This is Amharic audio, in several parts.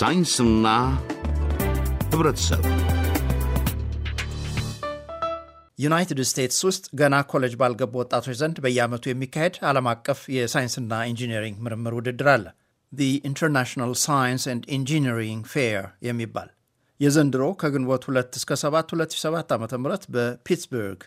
ሳይንስና ህብረተሰብ ዩናይትድ ስቴትስ ውስጥ ገና ኮሌጅ ባልገቡ ወጣቶች ዘንድ በየዓመቱ የሚካሄድ ዓለም አቀፍ የሳይንስና ኢንጂነሪንግ ምርምር ውድድር አለ። ዲ ኢንተርናሽናል ሳይንስ ኤንድ ኢንጂነሪንግ ፌር የሚባል የዘንድሮ ከግንቦት 2 እስከ 7 2007 ዓ ም በፒትስበርግ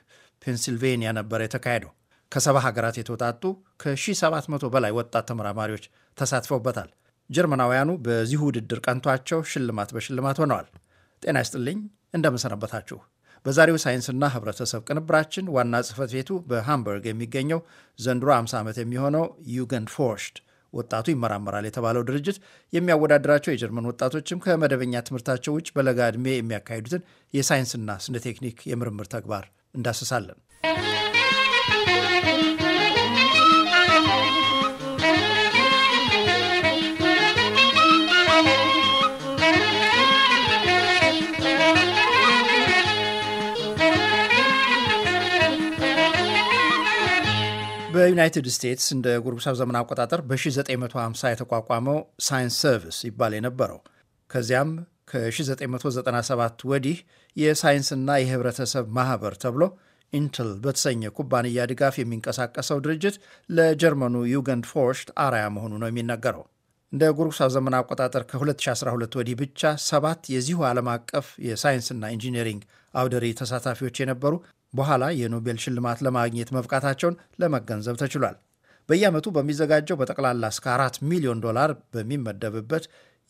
ፔንሲልቬንያ ነበር የተካሄደው። ከሰባ ሀገራት የተውጣጡ ከ1700 በላይ ወጣት ተመራማሪዎች ተሳትፈውበታል። ጀርመናውያኑ በዚሁ ውድድር ቀንቷቸው ሽልማት በሽልማት ሆነዋል። ጤና ይስጥልኝ፣ እንደምንሰናበታችሁ። በዛሬው ሳይንስና ሕብረተሰብ ቅንብራችን ዋና ጽህፈት ቤቱ በሃምበርግ የሚገኘው ዘንድሮ 50 ዓመት የሚሆነው ዩገንድ ፎርሽድ ወጣቱ ይመራመራል የተባለው ድርጅት የሚያወዳድራቸው የጀርመን ወጣቶችም ከመደበኛ ትምህርታቸው ውጭ በለጋ ዕድሜ የሚያካሂዱትን የሳይንስና ስነ ቴክኒክ የምርምር ተግባር እንዳስሳለን። በዩናይትድ ስቴትስ እንደ ጉርብሳብ ዘመን አቆጣጠር በ1950 የተቋቋመው ሳይንስ ሰርቪስ ይባል የነበረው ከዚያም ከ1997 ወዲህ የሳይንስና የህብረተሰብ ማህበር ተብሎ ኢንትል በተሰኘ ኩባንያ ድጋፍ የሚንቀሳቀሰው ድርጅት ለጀርመኑ ዩገንድ ፎርሽት አራያ መሆኑ ነው የሚነገረው። እንደ ጉርሳ ዘመን አቆጣጠር ከ2012 ወዲህ ብቻ ሰባት የዚሁ ዓለም አቀፍ የሳይንስና ኢንጂነሪንግ አውደሪ ተሳታፊዎች የነበሩ በኋላ የኖቤል ሽልማት ለማግኘት መብቃታቸውን ለመገንዘብ ተችሏል። በየዓመቱ በሚዘጋጀው በጠቅላላ እስከ 4 ሚሊዮን ዶላር በሚመደብበት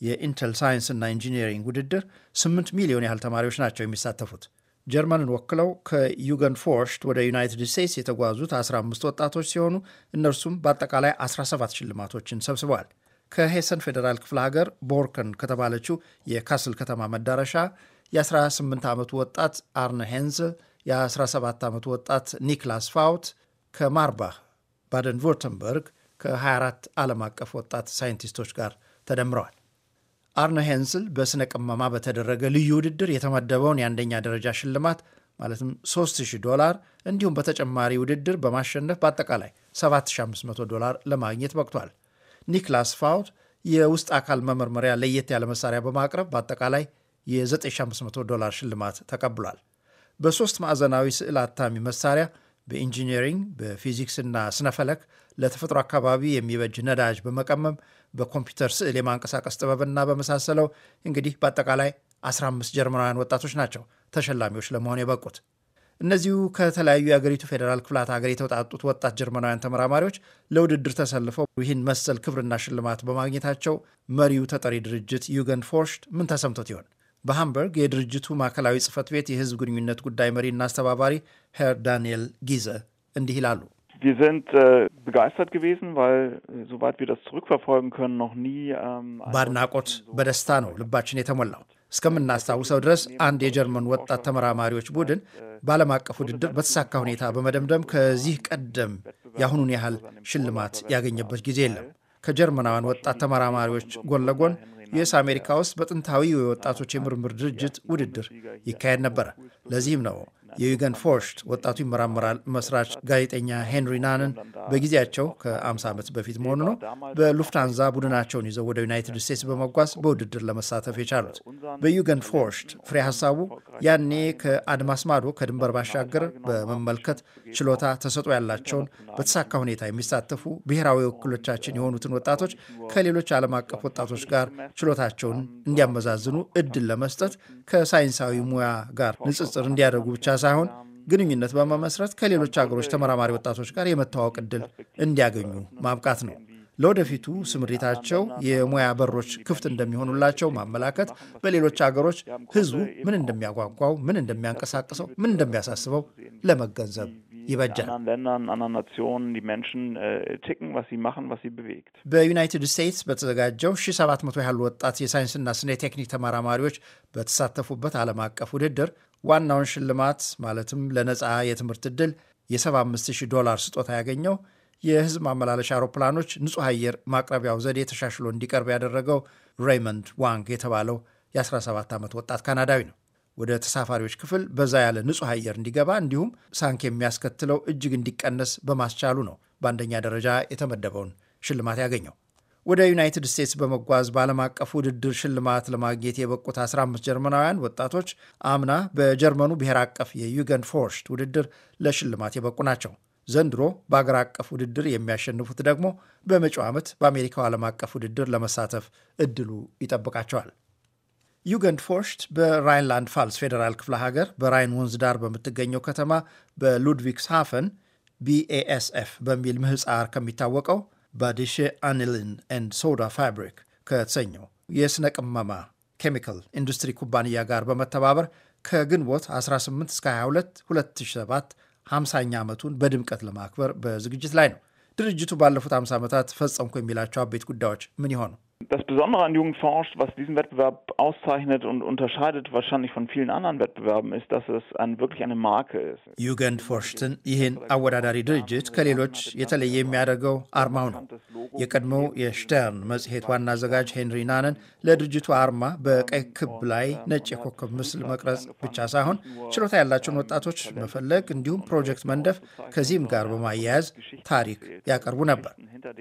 የኢንተል ሳይንስና ኢንጂነሪንግ ውድድር ስምንት ሚሊዮን ያህል ተማሪዎች ናቸው የሚሳተፉት። ጀርመንን ወክለው ከዩገን ፎርሽት ወደ ዩናይትድ ስቴትስ የተጓዙት 15 ወጣቶች ሲሆኑ እነርሱም በአጠቃላይ 17 ሽልማቶችን ሰብስበዋል። ከሄሰን ፌዴራል ክፍለ ሀገር ቦርከን ከተባለችው የካስል ከተማ መዳረሻ የ18 ዓመቱ ወጣት አርነ ሄንዝ፣ የ17 ዓመቱ ወጣት ኒክላስ ፋውት ከማርባህ ባደን ቮርተንበርግ ከ24 ዓለም አቀፍ ወጣት ሳይንቲስቶች ጋር ተደምረዋል። አርነ ሄንስል በሥነ ቅመማ በተደረገ ልዩ ውድድር የተመደበውን የአንደኛ ደረጃ ሽልማት ማለትም 3000 ዶላር እንዲሁም በተጨማሪ ውድድር በማሸነፍ በአጠቃላይ 7500 ዶላር ለማግኘት በቅቷል። ኒክላስ ፋውድ የውስጥ አካል መመርመሪያ ለየት ያለ መሳሪያ በማቅረብ በአጠቃላይ የ9500 ዶላር ሽልማት ተቀብሏል። በሦስት ማዕዘናዊ ስዕል አታሚ መሳሪያ በኢንጂነሪንግ በፊዚክስና ስነፈለክ ለተፈጥሮ አካባቢ የሚበጅ ነዳጅ በመቀመም በኮምፒውተር ስዕል የማንቀሳቀስ ጥበብና በመሳሰለው እንግዲህ በአጠቃላይ 15 ጀርመናውያን ወጣቶች ናቸው ተሸላሚዎች ለመሆን የበቁት። እነዚሁ ከተለያዩ የአገሪቱ ፌዴራል ክፍላት ሀገር የተውጣጡት ወጣት ጀርመናውያን ተመራማሪዎች ለውድድር ተሰልፈው ይህን መሰል ክብርና ሽልማት በማግኘታቸው መሪው ተጠሪ ድርጅት ዩገን ፎርሽት ምን ተሰምቶት ይሆን? በሃምበርግ የድርጅቱ ማዕከላዊ ጽህፈት ቤት የህዝብ ግንኙነት ጉዳይ መሪና አስተባባሪ ሄር ዳንኤል ጊዘ እንዲህ ይላሉ። äh, äh, ähm, በአድናቆት በደስታ ነው ልባችን የተሞላው። እስከምናስታውሰው ድረስ አንድ የጀርመን ወጣት ተመራማሪዎች ቡድን በዓለም አቀፍ ውድድር በተሳካ ሁኔታ በመደምደም ከዚህ ቀደም የአሁኑን ያህል ሽልማት ያገኘበት ጊዜ የለም። ከጀርመናውያን ወጣት ተመራማሪዎች ጎን ለጎን ዩኤስ አሜሪካ ውስጥ በጥንታዊ የወጣቶች የምርምር ድርጅት ውድድር ይካሄድ ነበረ። ለዚህም ነው የዩገን ፎርሽት ወጣቱ ይመራመራል መስራች ጋዜጠኛ ሄንሪ ናንን በጊዜያቸው ከ50 ዓመት በፊት መሆኑ ነው በሉፍታንዛ ቡድናቸውን ይዘው ወደ ዩናይትድ ስቴትስ በመጓዝ በውድድር ለመሳተፍ የቻሉት። በዩገን ፎርሽት ፍሬ ሀሳቡ ያኔ ከአድማስ ማዶ ከድንበር ባሻገር በመመልከት ችሎታ ተሰጦ ያላቸውን በተሳካ ሁኔታ የሚሳተፉ ብሔራዊ ወክሎቻችን የሆኑትን ወጣቶች ከሌሎች ዓለም አቀፍ ወጣቶች ጋር ችሎታቸውን እንዲያመዛዝኑ እድል ለመስጠት ከሳይንሳዊ ሙያ ጋር ንጽጽር እንዲያደርጉ ብቻ ሳይሆን ግንኙነት በመመስረት ከሌሎች አገሮች ተመራማሪ ወጣቶች ጋር የመተዋወቅ እድል እንዲያገኙ ማብቃት ነው። ለወደፊቱ ስምሪታቸው የሙያ በሮች ክፍት እንደሚሆኑላቸው ማመላከት፣ በሌሎች አገሮች ህዝቡ ምን እንደሚያጓጓው፣ ምን እንደሚያንቀሳቅሰው፣ ምን እንደሚያሳስበው ለመገንዘብ ይበጃል። በዩናይትድ ስቴትስ በተዘጋጀው 1700 ያህል ወጣት የሳይንስና ስነ ቴክኒክ ተመራማሪዎች በተሳተፉበት ዓለም አቀፍ ውድድር ዋናውን ሽልማት ማለትም ለነፃ የትምህርት ዕድል የ75000 ዶላር ስጦታ ያገኘው የህዝብ ማመላለሻ አውሮፕላኖች ንጹሕ አየር ማቅረቢያው ዘዴ ተሻሽሎ እንዲቀርብ ያደረገው ሬይመንድ ዋንግ የተባለው የ17 ዓመት ወጣት ካናዳዊ ነው። ወደ ተሳፋሪዎች ክፍል በዛ ያለ ንጹሕ አየር እንዲገባ እንዲሁም ሳንክ የሚያስከትለው እጅግ እንዲቀነስ በማስቻሉ ነው በአንደኛ ደረጃ የተመደበውን ሽልማት ያገኘው። ወደ ዩናይትድ ስቴትስ በመጓዝ በዓለም አቀፍ ውድድር ሽልማት ለማግኘት የበቁት 15 ጀርመናውያን ወጣቶች አምና በጀርመኑ ብሔር አቀፍ የዩገን ፎርሽት ውድድር ለሽልማት የበቁ ናቸው። ዘንድሮ በአገር አቀፍ ውድድር የሚያሸንፉት ደግሞ በመጪው ዓመት በአሜሪካው ዓለም አቀፍ ውድድር ለመሳተፍ እድሉ ይጠብቃቸዋል። ዩገንድ ፎርሽት በራይንላንድ ፋልስ ፌዴራል ክፍለ ሀገር በራይን ወንዝ ዳር በምትገኘው ከተማ በሉድቪግስ ሃፈን ቢኤኤስኤፍ በሚል ምህፃር ከሚታወቀው ባዲሸ አኒሊን ኤንድ ሶዳ ፋብሪክ ከተሰኘው የስነ ቅመማ ኬሚካል ኢንዱስትሪ ኩባንያ ጋር በመተባበር ከግንቦት 18 እስከ 22 2007 50ኛ ዓመቱን በድምቀት ለማክበር በዝግጅት ላይ ነው። ድርጅቱ ባለፉት 50 ዓመታት ፈጸምኩ የሚላቸው አበይት ጉዳዮች ምን ይሆኑ? Das Besondere an Jugendforscht, was diesen Wettbewerb auszeichnet und unterscheidet wahrscheinlich von vielen anderen Wettbewerben, ist, dass es ein, wirklich eine Marke ist. ዩገንድ ፎርስትን ይህን አወዳዳሪ ድርጅት ከሌሎች የተለየ የሚያደርገው አርማው ነው። የቀድሞው የሽተርን መጽሔት ዋና አዘጋጅ ሄንሪ ናነን ለድርጅቱ አርማ በቀይ ክብ ላይ ነጭ የኮከብ ምስል መቅረጽ ብቻ ሳይሆን ችሎታ ያላቸውን ወጣቶች መፈለግ እንዲሁም ፕሮጀክት መንደፍ ከዚህም ጋር በማያያዝ ታሪክ ያቀርቡ ነበር።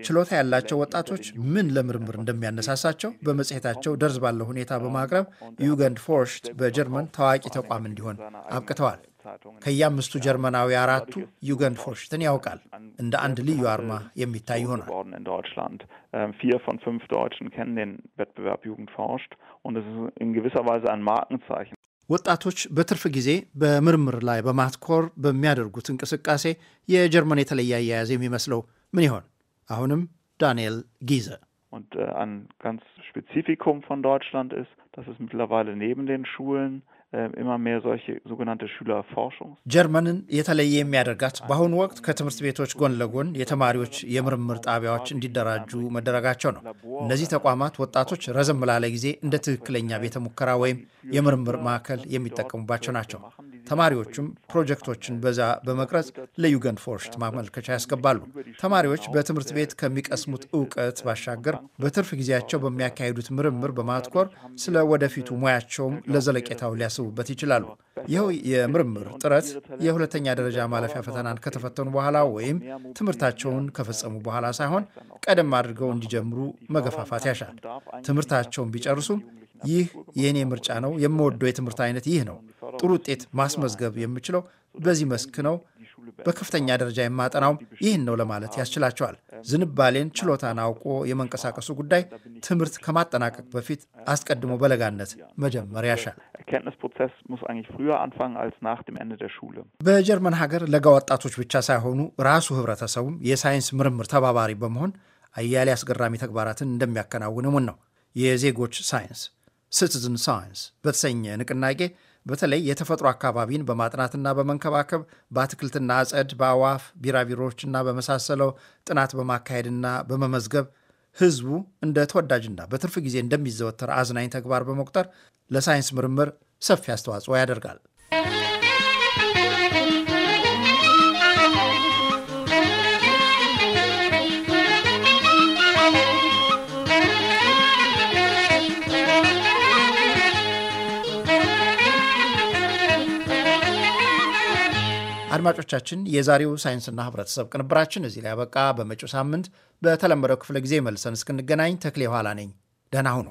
ችሎታ ያላቸው ወጣቶች ምን ለምርምር እንደሚ የሚያነሳሳቸው በመጽሔታቸው ደርዝ ባለው ሁኔታ በማቅረብ ዩገንድ ፎርሽት በጀርመን ታዋቂ ተቋም እንዲሆን አብቅተዋል። ከየአምስቱ ጀርመናዊ አራቱ ዩገንድ ፎርሽትን ያውቃል። እንደ አንድ ልዩ አርማ የሚታይ ይሆናል። ähm, ወጣቶች በትርፍ ጊዜ በምርምር ላይ በማትኮር በሚያደርጉት እንቅስቃሴ የጀርመን የተለየ አያያዝ የሚመስለው ምን ይሆን? አሁንም ዳንኤል ጊዘ und äh, ein ganz Spezifikum von Deutschland ist, dass es mittlerweile neben den Schulen immer mehr solche sogenannte Schülerforschung. ጀርመንን የተለየ የሚያደርጋት በአሁኑ ወቅት ከትምህርት ቤቶች ጎን ለጎን የተማሪዎች የምርምር ጣቢያዎች እንዲደራጁ መደረጋቸው ነው። እነዚህ ተቋማት ወጣቶች ረዘም ላለ ጊዜ እንደ ትክክለኛ ቤተ ሙከራ ወይም የምርምር ማዕከል የሚጠቀሙባቸው ናቸው። ተማሪዎቹም ፕሮጀክቶችን በዛ በመቅረጽ ለዩገን ፎርሽት ማመልከቻ ያስገባሉ። ተማሪዎች በትምህርት ቤት ከሚቀስሙት እውቀት ባሻገር በትርፍ ጊዜያቸው በሚያካሂዱት ምርምር በማትኮር ስለ ወደፊቱ ሙያቸውም ለዘለቄታው ሊያስቡበት ይችላሉ። ይኸው የምርምር ጥረት የሁለተኛ ደረጃ ማለፊያ ፈተናን ከተፈተኑ በኋላ ወይም ትምህርታቸውን ከፈጸሙ በኋላ ሳይሆን ቀደም አድርገው እንዲጀምሩ መገፋፋት ያሻል። ትምህርታቸውን ቢጨርሱም ይህ የእኔ ምርጫ ነው፣ የምወደው የትምህርት አይነት ይህ ነው ጥሩ ውጤት ማስመዝገብ የምችለው በዚህ መስክ ነው። በከፍተኛ ደረጃ የማጠናውም ይህን ነው ለማለት ያስችላቸዋል። ዝንባሌን፣ ችሎታን አውቆ የመንቀሳቀሱ ጉዳይ ትምህርት ከማጠናቀቅ በፊት አስቀድሞ በለጋነት መጀመር ያሻል። በጀርመን ሀገር ለጋ ወጣቶች ብቻ ሳይሆኑ ራሱ ህብረተሰቡም የሳይንስ ምርምር ተባባሪ በመሆን አያሌ አስገራሚ ተግባራትን እንደሚያከናውን ነው። የዜጎች ሳይንስ ሲቲዝን ሳይንስ በተሰኘ ንቅናቄ በተለይ የተፈጥሮ አካባቢን በማጥናትና በመንከባከብ በአትክልትና አጸድ፣ በአዋፍ ቢራቢሮችና በመሳሰለው ጥናት በማካሄድና በመመዝገብ ህዝቡ እንደ ተወዳጅና በትርፍ ጊዜ እንደሚዘወተር አዝናኝ ተግባር በመቁጠር ለሳይንስ ምርምር ሰፊ አስተዋጽኦ ያደርጋል። አድማጮቻችን፣ የዛሬው ሳይንስና ህብረተሰብ ቅንብራችን እዚህ ላይ ያበቃ። በመጪው ሳምንት በተለመደው ክፍለ ጊዜ መልሰን እስክንገናኝ ተክሌ ኋላ ነኝ። ደህና ሁኑ።